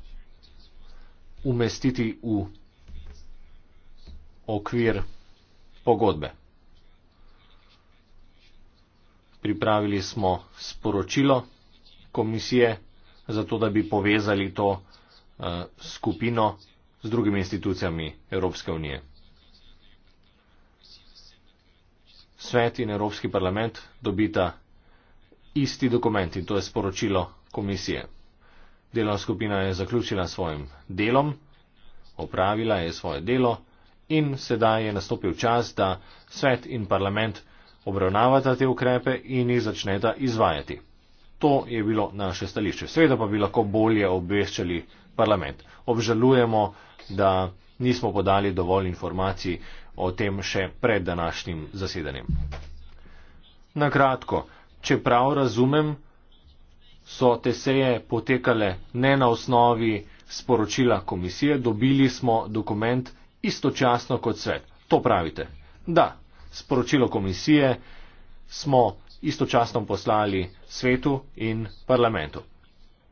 umestiti v okvir pogodbe. Pripravili smo sporočilo komisije, zato da bi povezali to uh, skupino z drugimi institucijami Evropske unije. Svet in Evropski parlament dobita isti dokument in to je sporočilo komisije. Delovna skupina je zaključila svojim delom, opravila je svoje delo in sedaj je nastopil čas, da svet in parlament obravnavata te ukrepe in jih začneta izvajati. To je bilo naše stališče. Sveda pa bi lahko bolje obveščali parlament. Obžalujemo, da nismo podali dovolj informacij o tem še pred današnjim zasedanjem. Na kratko, če prav razumem, so te seje potekale ne na osnovi sporočila komisije, dobili smo dokument istočasno kot svet. To pravite. Da, sporočilo komisije smo istočasno poslali svetu in parlamentu.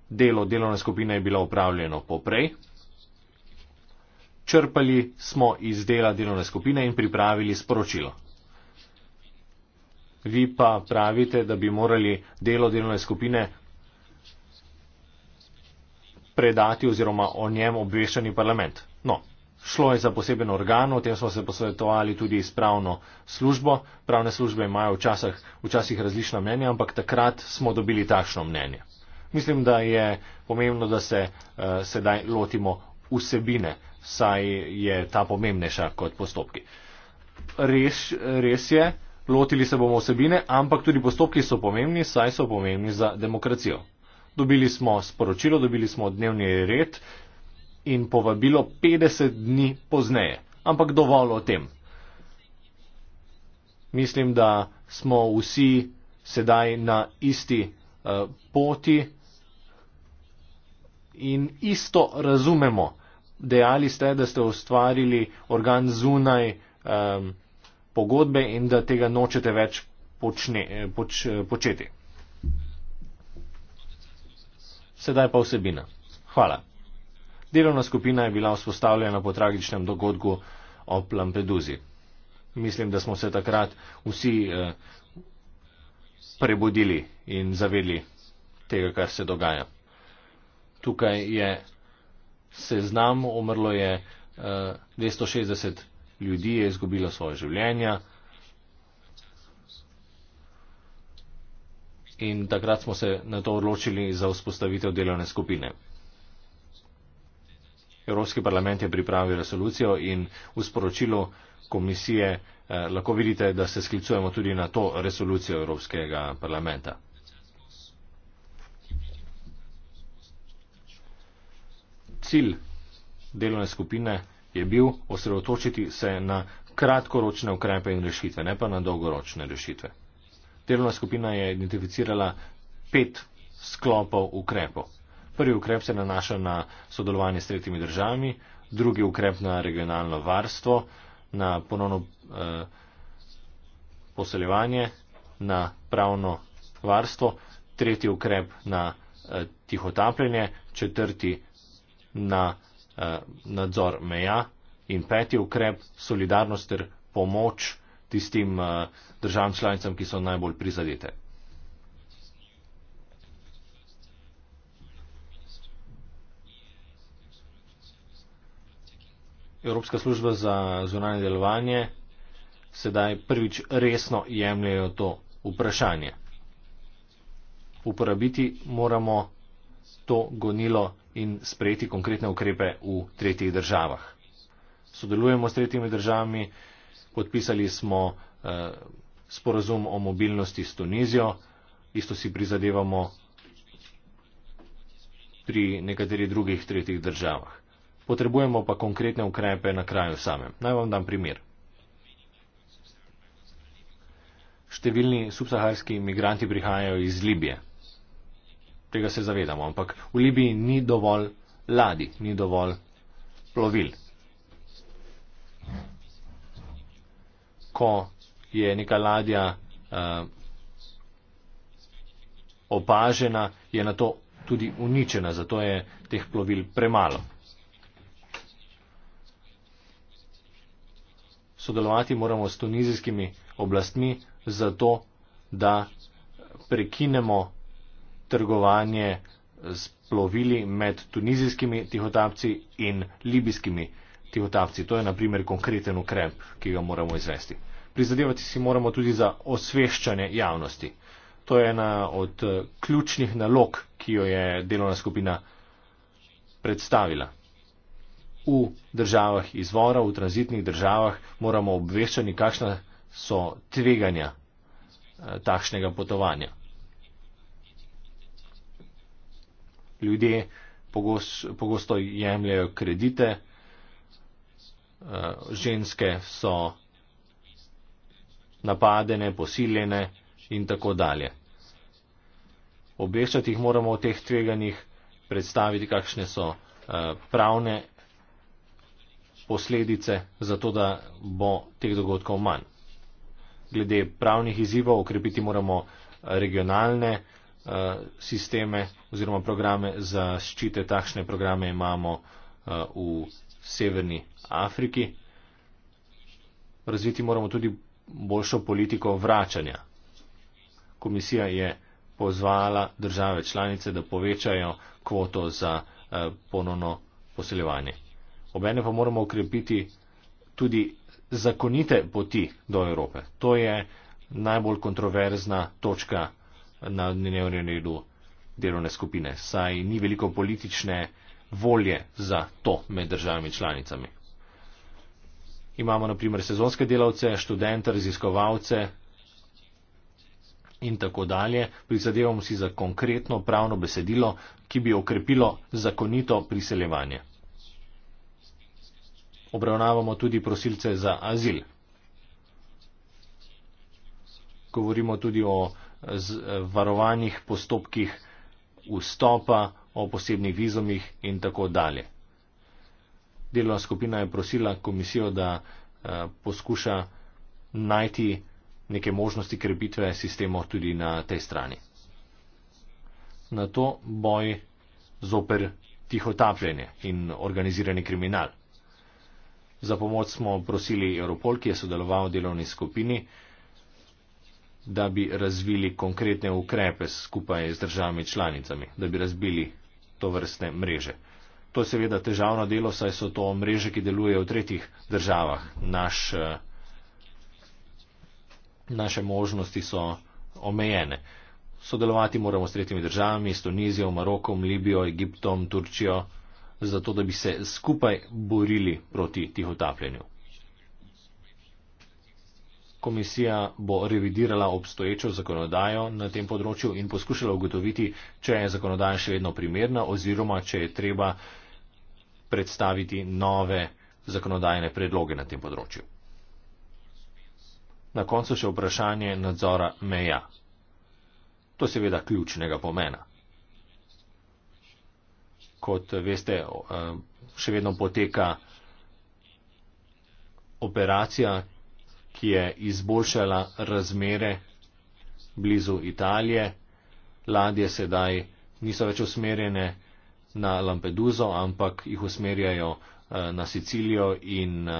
Delo delovne skupine je bilo upravljeno poprej. Črpali smo iz dela delovne skupine in pripravili sporočilo. Vi pa pravite, da bi morali delo delovne skupine predati oziroma o njem obveščeni parlament. No, šlo je za poseben organ, o tem smo se posvetovali tudi s pravno službo. Pravne službe imajo včasih, včasih različna mnenja, ampak takrat smo dobili takšno mnenje. Mislim, da je pomembno, da se uh, sedaj lotimo vsebine, saj je ta pomembnejša kot postopki. Res, res je, lotili se bomo vsebine, ampak tudi postopki so pomembni, saj so pomembni za demokracijo. Dobili smo sporočilo, dobili smo dnevni red, in povabilo 50 dni pozneje. Ampak dovolj o tem. Mislim, da smo vsi sedaj na isti uh, poti in isto razumemo. Dejali ste, da ste ustvarili organ zunaj um, pogodbe in da tega nočete več počne, eh, poč, eh, početi. Sedaj pa vsebina. Hvala. Delovna skupina je bila vzpostavljena po tragičnem dogodku ob Lampeduzi. Mislim, da smo se takrat vsi eh, prebudili in zavedli tega, kar se dogaja. Tukaj je seznam, umrlo je 260 eh, ljudi, je izgubilo svoje življenje. In takrat smo se na to odločili za vzpostavitev delovne skupine. Evropski parlament je pripravil resolucijo in v sporočilu komisije eh, lahko vidite, da se sklicujemo tudi na to resolucijo Evropskega parlamenta. Cilj delovne skupine je bil osredotočiti se na kratkoročne ukrepe in rešitve, ne pa na dolgoročne rešitve. Delovna skupina je identificirala pet sklopov ukrepov. Prvi ukrep se nanaša na sodelovanje s tretjimi državami, drugi ukrep na regionalno varstvo, na ponovno eh, poseljevanje, na pravno varstvo, tretji ukrep na eh, tihotapljenje, četrti na eh, nadzor meja in peti ukrep solidarnost ter pomoč tistim eh, državam članicam, ki so najbolj prizadete. Evropska služba za zunanje delovanje sedaj prvič resno jemljajo to vprašanje. Uporabiti moramo to gonilo in sprejeti konkretne ukrepe v tretjih državah. Sodelujemo s tretjimi državami, podpisali smo eh, sporazum o mobilnosti s Tunizijo, isto si prizadevamo pri nekaterih drugih tretjih državah potrebujemo pa konkretne ukrepe na kraju same. Naj vam dam primer. Številni subsaharski imigranti prihajajo iz Libije. Tega se zavedamo, ampak v Libiji ni dovolj ladi, ni dovolj plovil. Ko je neka ladja uh, opažena, je na to tudi uničena, zato je teh plovil premalo. sodelovati moramo s tunizijskimi oblastmi zato, da prekinemo trgovanje s plovili med tunizijskimi tihotapci in libijskimi tihotapci. To je, na primer, konkreten ukrep, ki ga moramo izvesti. Prizadevati si moramo tudi za osveščanje javnosti. To je ena od ključnih nalog, ki jo je delovna skupina predstavila v državah izvora, v tranzitnih državah, moramo obveščati, kakšna so tveganja eh, takšnega potovanja. Ljudje pogosto jemljajo kredite, eh, ženske so napadene, posiljene in tako dalje. Obveščati jih moramo o teh tveganjih, predstaviti, kakšne so eh, pravne posledice, zato da bo teh dogodkov manj. Glede pravnih izzivov, okrepiti moramo eh, regionalne uh, sisteme oziroma programe za ščite. Takšne programe imamo uh, v Severni Afriki. Razviti moramo tudi boljšo politiko vračanja. Komisija je pozvala države članice, da povečajo kvoto za uh, ponovno poseljevanje obene pa moramo ukrepiti tudi zakonite poti do Evrope. To je najbolj kontroverzna točka na dnevnem redu delovne skupine, saj ni veliko politične volje za to med državami članicami. Imamo naprimer sezonske delavce, študente, raziskovalce in tako dalje. Prizadevamo si za konkretno pravno besedilo, ki bi okrepilo zakonito priseljevanje obravnavamo tudi prosilce za azil. Govorimo tudi o varovanih postopkih vstopa, o posebnih vizumih in tako dalje. Delovna skupina je prosila komisijo, da eh, poskuša najti neke možnosti krepitve sistemov tudi na tej strani. Na to boj zoper tihotapljenje in organizirani kriminal. Za pomoč smo prosili Europol, ki je sodeloval v delovni skupini, da bi razvili konkretne ukrepe skupaj z državami članicami, da bi razbili to vrstne mreže. To je seveda težavno delo, saj so to mreže, ki delujejo v tretjih državah. Naš, eh, naše možnosti so omejene. Sodelovati moramo s tretjimi državami, s Tunizijo, Marokom, Libijo, Egiptom, Turčijo zato da bi se skupaj borili proti tihotapljenju. Komisija bo revidirala obstoječo zakonodajo na tem področju in poskušala ugotoviti, če je zakonodaja še vedno primerna oziroma če je treba predstaviti nove zakonodajne predloge na tem področju. Na koncu še vprašanje nadzora meja. To je seveda ključnega pomena kot veste, e, še vedno poteka operacija, ki je izboljšala razmere blizu Italije. Ladje sedaj niso več usmerjene na Lampeduzo, ampak jih usmerjajo e, na Sicilijo in e,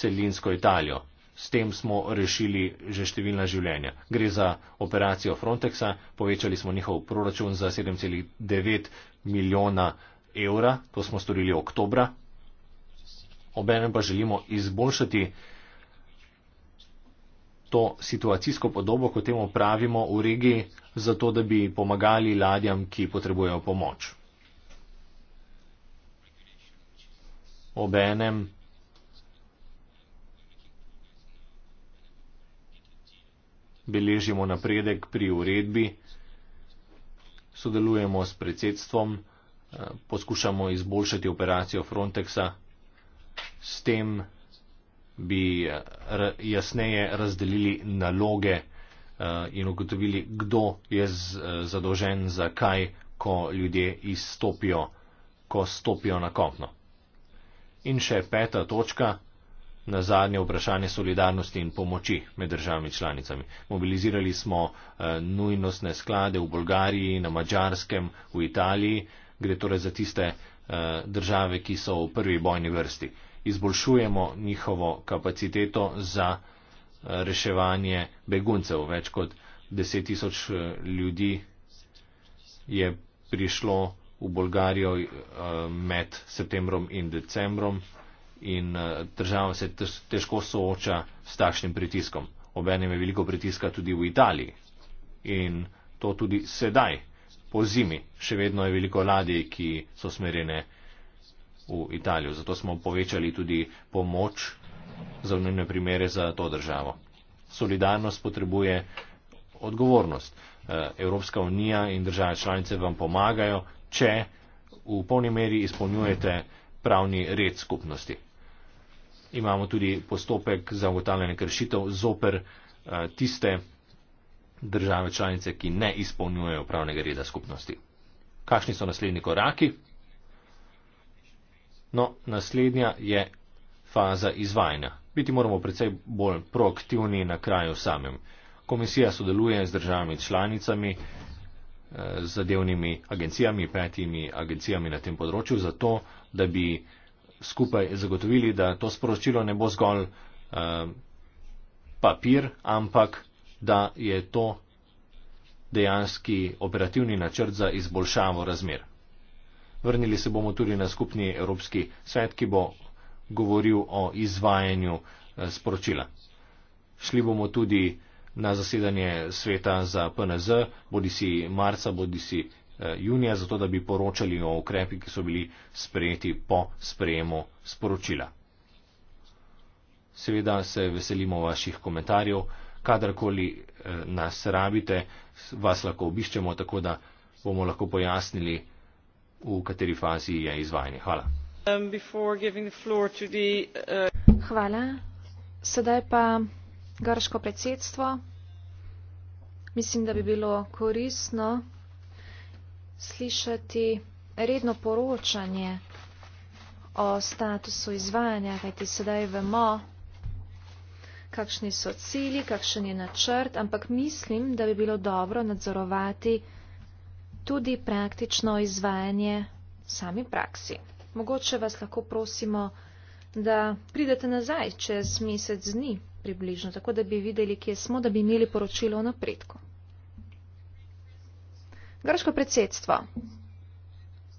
celinsko Italijo. S tem smo rešili že številna življenja. Gre za operacijo Frontexa, povečali smo njihov proračun za 7,9 milijona evra, to smo storili oktobra. Obenem pa želimo izboljšati to situacijsko podobo, kot temu pravimo v regiji, zato da bi pomagali ladjam, ki potrebujejo pomoč. Obenem beležimo napredek pri uredbi, sodelujemo s predsedstvom, eh, poskušamo izboljšati operacijo Frontexa, s tem bi eh, jasneje razdelili naloge eh, in ugotovili, kdo je zadolžen za kaj, ko ljudje izstopijo, ko stopijo na kopno. In še peta točka na zadnje vprašanje solidarnosti in pomoči med državami članicami. Mobilizirali smo eh, nujnostne sklade v Bolgariji, na Mačarskem, v Italiji, gre torej za tiste eh, države, ki so v prvi bojni vrsti. Izboljšujemo njihovo kapaciteto za eh, reševanje beguncev. Več kot 10 tisoč ljudi je prišlo v Bolgarijo med septembrom in decembrom in eh, država se težko sooča s takšnim pritiskom. Obenem je veliko pritiska tudi v Italiji in to tudi sedaj, po zimi. Še vedno je veliko ladij, ki so smerjene v Italijo. Zato smo povečali tudi pomoč za unine primere za to državo. Solidarnost potrebuje odgovornost. Eh, Evropska unija in države članice vam pomagajo, če v polni meri izpolnjujete pravni red skupnosti imamo tudi postopek za ugotavljanje kršitev zoper eh, tiste države članice, ki ne izpolnjujejo pravnega reda skupnosti. Kakšni so naslednji koraki? No, naslednja je faza izvajanja. Biti moramo predvsej bolj proaktivni na kraju samem. Komisija sodeluje z državami članicami, eh, z zadevnimi agencijami, petimi agencijami na tem področju, zato da bi skupaj zagotovili, da to sporočilo ne bo zgolj eh, papir, ampak da je to dejanski operativni načrt za izboljšavo razmer. Vrnili se bomo tudi na skupni Evropski svet, ki bo govoril o izvajanju eh, sporočila. Šli bomo tudi na zasedanje sveta za PNZ, bodi si marca, bodi si Eh, junija, zato da bi poročali o ukrepi, ki so bili sprejeti po sprejemu sporočila. Seveda se veselimo vaših komentarjev, kadarkoli eh, nas rabite, vas lahko obiščemo, tako da bomo lahko pojasnili, v kateri fazi je izvajanje. Hvala. Um, uh, Hvala. Sedaj pa grško predsedstvo. Mislim, da bi bilo koristno slišati redno poročanje o statusu izvajanja, kajti sedaj vemo, kakšni so cilji, kakšen je načrt, ampak mislim, da bi bilo dobro nadzorovati tudi praktično izvajanje sami praksi. Mogoče vas lahko prosimo, da pridete nazaj čez mesec dni približno, tako da bi videli, kje smo, da bi imeli poročilo o napredku. Grško predsedstvo.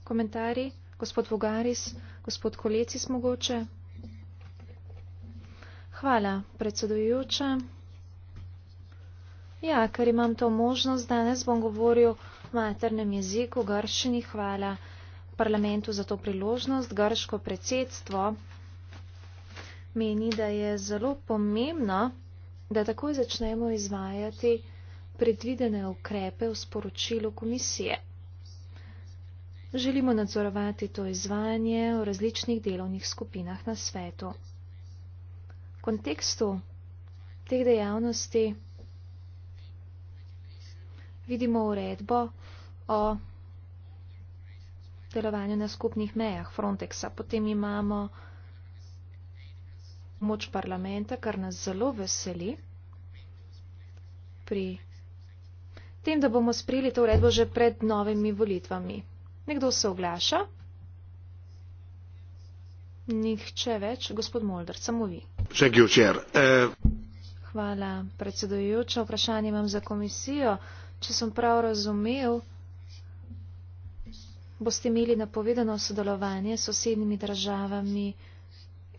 Komentari, gospod Vogaris, gospod Kolecis mogoče. Hvala, predsedujoča. Ja, ker imam to možnost, danes bom govoril v maternem jeziku grščini. Hvala parlamentu za to priložnost. Grško predsedstvo meni, da je zelo pomembno, da takoj začnemo izvajati predvidene ukrepe v sporočilu komisije. Želimo nadzorovati to izvajanje v različnih delovnih skupinah na svetu. V kontekstu teh dejavnosti vidimo uredbo o delovanju na skupnih mejah Frontexa. Potem imamo moč parlamenta, kar nas zelo veseli pri tem, da bomo sprejeli to uredbo že pred novimi volitvami. Nekdo se oglaša? Nihče več, gospod Molder, samo vi. Eh, Hvala, predsedujoča. Vprašanje imam za komisijo. Če sem prav razumel, boste imeli napovedano sodelovanje s sosednjimi državami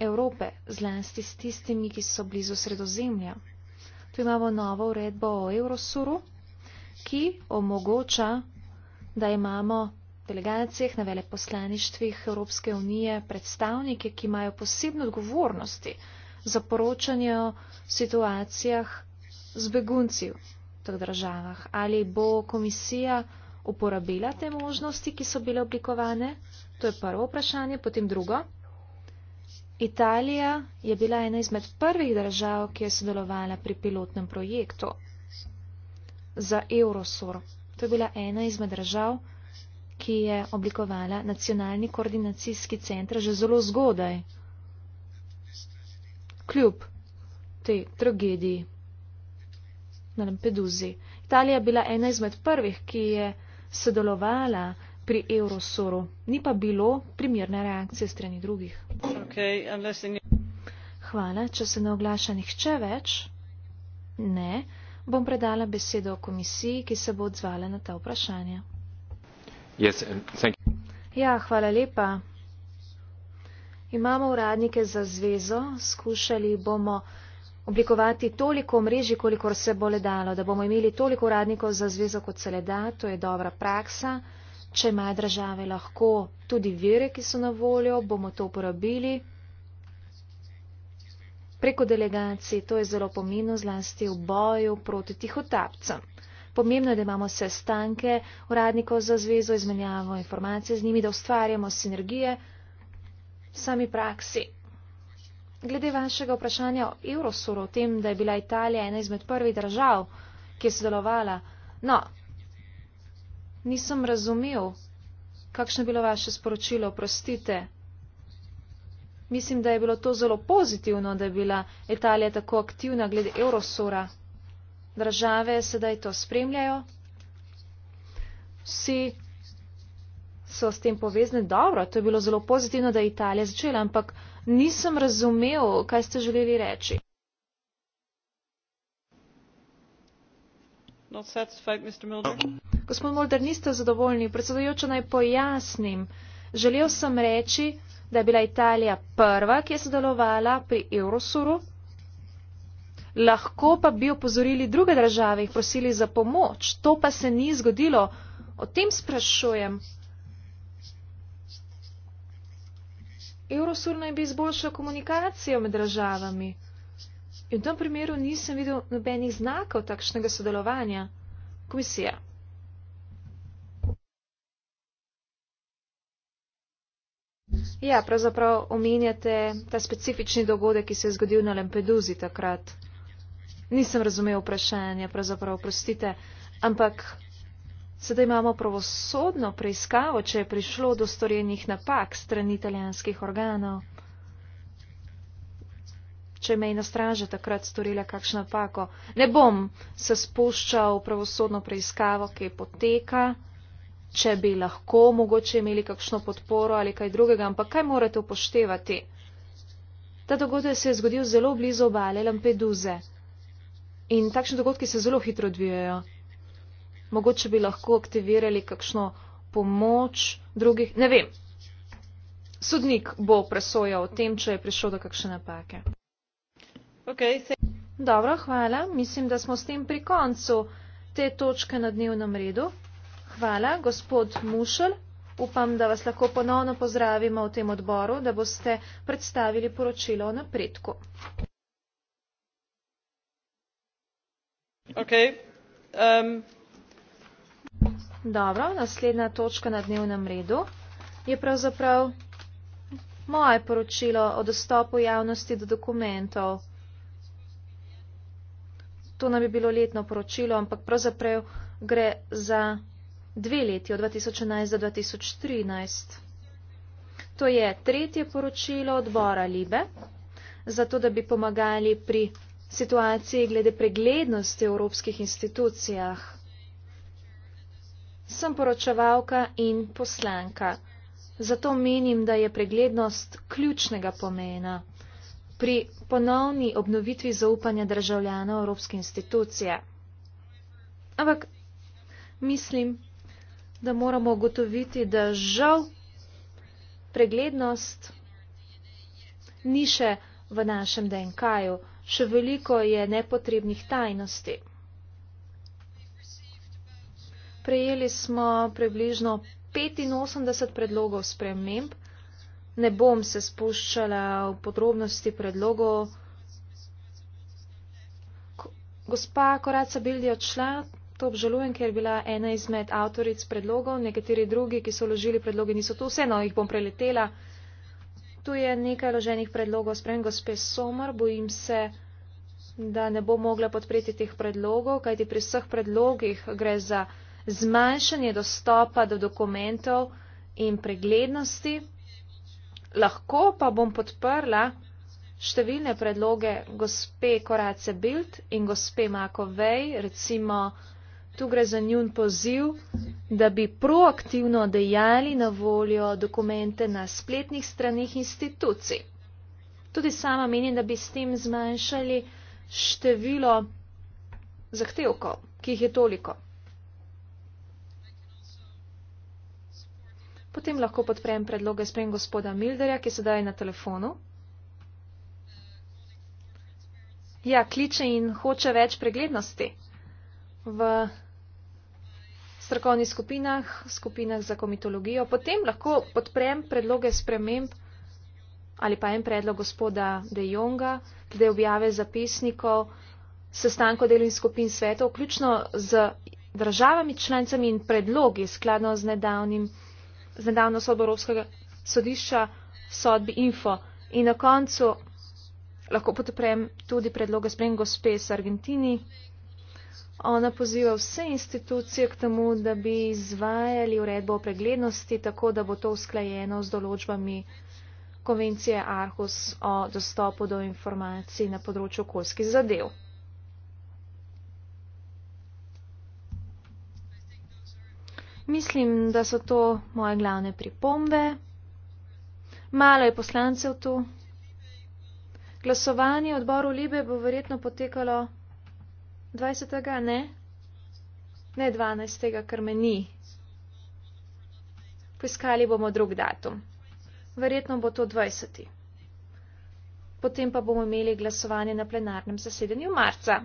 Evrope, zlasti s tistimi, ki so blizu sredozemlja. Tu imamo novo uredbo o Eurosuru ki omogoča, da imamo v delegacijah na veleposlaništvih Evropske unije predstavnike, ki imajo posebno odgovornosti za poročanje o situacijah z begunci v teh državah. Ali bo komisija uporabila te možnosti, ki so bile oblikovane? To je prvo vprašanje, potem drugo. Italija je bila ena izmed prvih držav, ki je sodelovala pri pilotnem projektu za Eurosur. To je bila ena izmed držav, ki je oblikovala nacionalni koordinacijski centr že zelo zgodaj. Kljub tej tragediji na Lampeduzi. Italija je bila ena izmed prvih, ki je sodelovala pri Eurosuru. Ni pa bilo primerne reakcije strani drugih. Okay, Hvala, če se ne oglaša nihče več. Ne bom predala besedo komisiji, ki se bo odzvala na ta vprašanja. Yes, ja, hvala lepa. Imamo uradnike za zvezo, skušali bomo oblikovati toliko mreži, kolikor se bo le dalo, da bomo imeli toliko uradnikov za zvezo, kot se le da, to je dobra praksa. Če imajo države lahko tudi vire, ki so na voljo, bomo to uporabili preko delegacij. To je zelo pomembno zlasti v boju proti tihotapcem. Pomembno je, da imamo sestanke uradnikov za zvezo, izmenjavo informacije z njimi, da ustvarjamo sinergije v sami praksi. Glede vašega vprašanja o Eurosuru, o tem, da je bila Italija ena izmed prvih držav, ki je sodelovala, no, nisem razumel, kakšno je bilo vaše sporočilo, prostite, mislim, da je bilo to zelo pozitivno, da je bila Italija tako aktivna glede eurosora. Države sedaj to spremljajo. Vsi so s tem povezani dobro. To je bilo zelo pozitivno, da je Italija začela, ampak nisem razumel, kaj ste želeli reči. Gospod Mulder, niste zadovoljni. Predsedujoča naj pojasnim. Želel sem reči, da je bila Italija prva, ki je sodelovala pri Eurosuru. Lahko pa bi opozorili druge države, jih prosili za pomoč. To pa se ni zgodilo. O tem sprašujem. Eurosur naj bi izboljšal komunikacijo med državami. In v tem primeru nisem videl nobenih znakov takšnega sodelovanja. Komisija. Ja, pravzaprav omenjate ta specifični dogodek, ki se je zgodil na Lampeduzi takrat. Nisem razumel vprašanja, pravzaprav oprostite, ampak sedaj imamo pravosodno preiskavo, če je prišlo do storjenih napak strani italijanskih organov. Če je mejna straža takrat storila kakšno napako, ne bom se spuščal v pravosodno preiskavo, ki poteka če bi lahko mogoče imeli kakšno podporo ali kaj drugega, ampak kaj morate upoštevati? Ta dogodek se je zgodil zelo blizu obale Lampeduze in takšni dogodki se zelo hitro odvijajo. Mogoče bi lahko aktivirali kakšno pomoč drugih, ne vem. Sodnik bo presojal o tem, če je prišlo do kakšne napake. Okay, se... Dobro, hvala. Mislim, da smo s tem pri koncu te točke na dnevnem redu. Hvala, gospod Mušel. Upam, da vas lahko ponovno pozdravimo v tem odboru, da boste predstavili poročilo o napredku. Okay. Um. Dobro, naslednja točka na dnevnem redu je pravzaprav moje poročilo o dostopu javnosti do dokumentov. To nam bi bilo letno poročilo, ampak pravzaprav gre za dve leti od 2011 do 2013. To je tretje poročilo odbora Libe, zato da bi pomagali pri situaciji glede preglednosti v evropskih institucijah. Sem poročevalka in poslanka, zato menim, da je preglednost ključnega pomena pri ponovni obnovitvi zaupanja državljanov evropske institucije. Ampak mislim, da moramo ugotoviti, da žal preglednost ni še v našem DNK-ju, še veliko je nepotrebnih tajnosti. Prejeli smo približno 85 predlogov sprememb. Ne bom se spuščala v podrobnosti predlogov. Gospa Koraca Bildi odšla, to obžalujem, ker je bila ena izmed avtoric predlogov, nekateri drugi, ki so ložili predloge, niso to vseeno, jih bom preletela. Tu je nekaj loženih predlogov, sprem gospe Somar, bojim se, da ne bo mogla podpreti teh predlogov, kajti pri vseh predlogih gre za zmanjšanje dostopa do dokumentov in preglednosti. Lahko pa bom podprla številne predloge gospe Korace Bild in gospe Makovej, recimo Tu gre za njun poziv, da bi proaktivno dejali na voljo dokumente na spletnih stranih institucij. Tudi sama menim, da bi s tem zmanjšali število zahtevkov, ki jih je toliko. Potem lahko podprem predloge sprem gospoda Milderja, ki sedaj je na telefonu. Ja, kliče in hoče več preglednosti v strokovnih skupinah, skupinah za komitologijo. Potem lahko podprem predloge sprememb ali pa en predlog gospoda De Jonga, glede objave zapisnikov, sestanko delovnih skupin svetov, vključno z državami članicami in predlogi skladno z, nedavnim, z nedavno sodbo Evropskega sodišča sodbi Info. In na koncu lahko podprem tudi predloge sprem gospe iz Argentini. Ona poziva vse institucije k temu, da bi izvajali uredbo o preglednosti, tako da bo to usklajeno z določbami konvencije Arhus o dostopu do informacij na področju okoljskih zadev. Mislim, da so to moje glavne pripombe. Malo je poslancev tu. Glasovanje odboru Libe bo verjetno potekalo. 20. ne? Ne 12. ker me ni. Poiskali bomo drug datum. Verjetno bo to 20. Potem pa bomo imeli glasovanje na plenarnem zasedanju marca.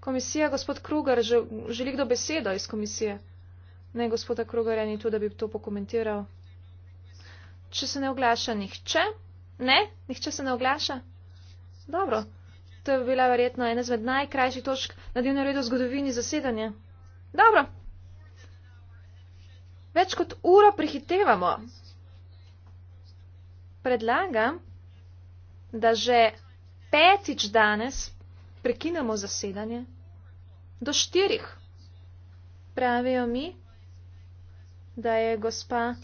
Komisija, gospod Kruger, želi kdo besedo iz komisije? Ne, gospoda Krugerja ni tu, da bi to pokomentiral. Če se ne oglaša nihče. Ne, nihče se ne oglaša. Dobro, to je bila verjetno ena zmed najkrajših točk na dnevnem redu zgodovini zasedanja. Dobro. Več kot uro prihitevamo. Predlagam, da že petič danes prekinemo zasedanje. Do štirih. Pravijo mi, da je gospa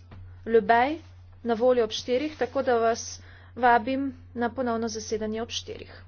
Ljubej na voljo ob štirih, tako da vas vabim na ponovno zasedanje ob štirih.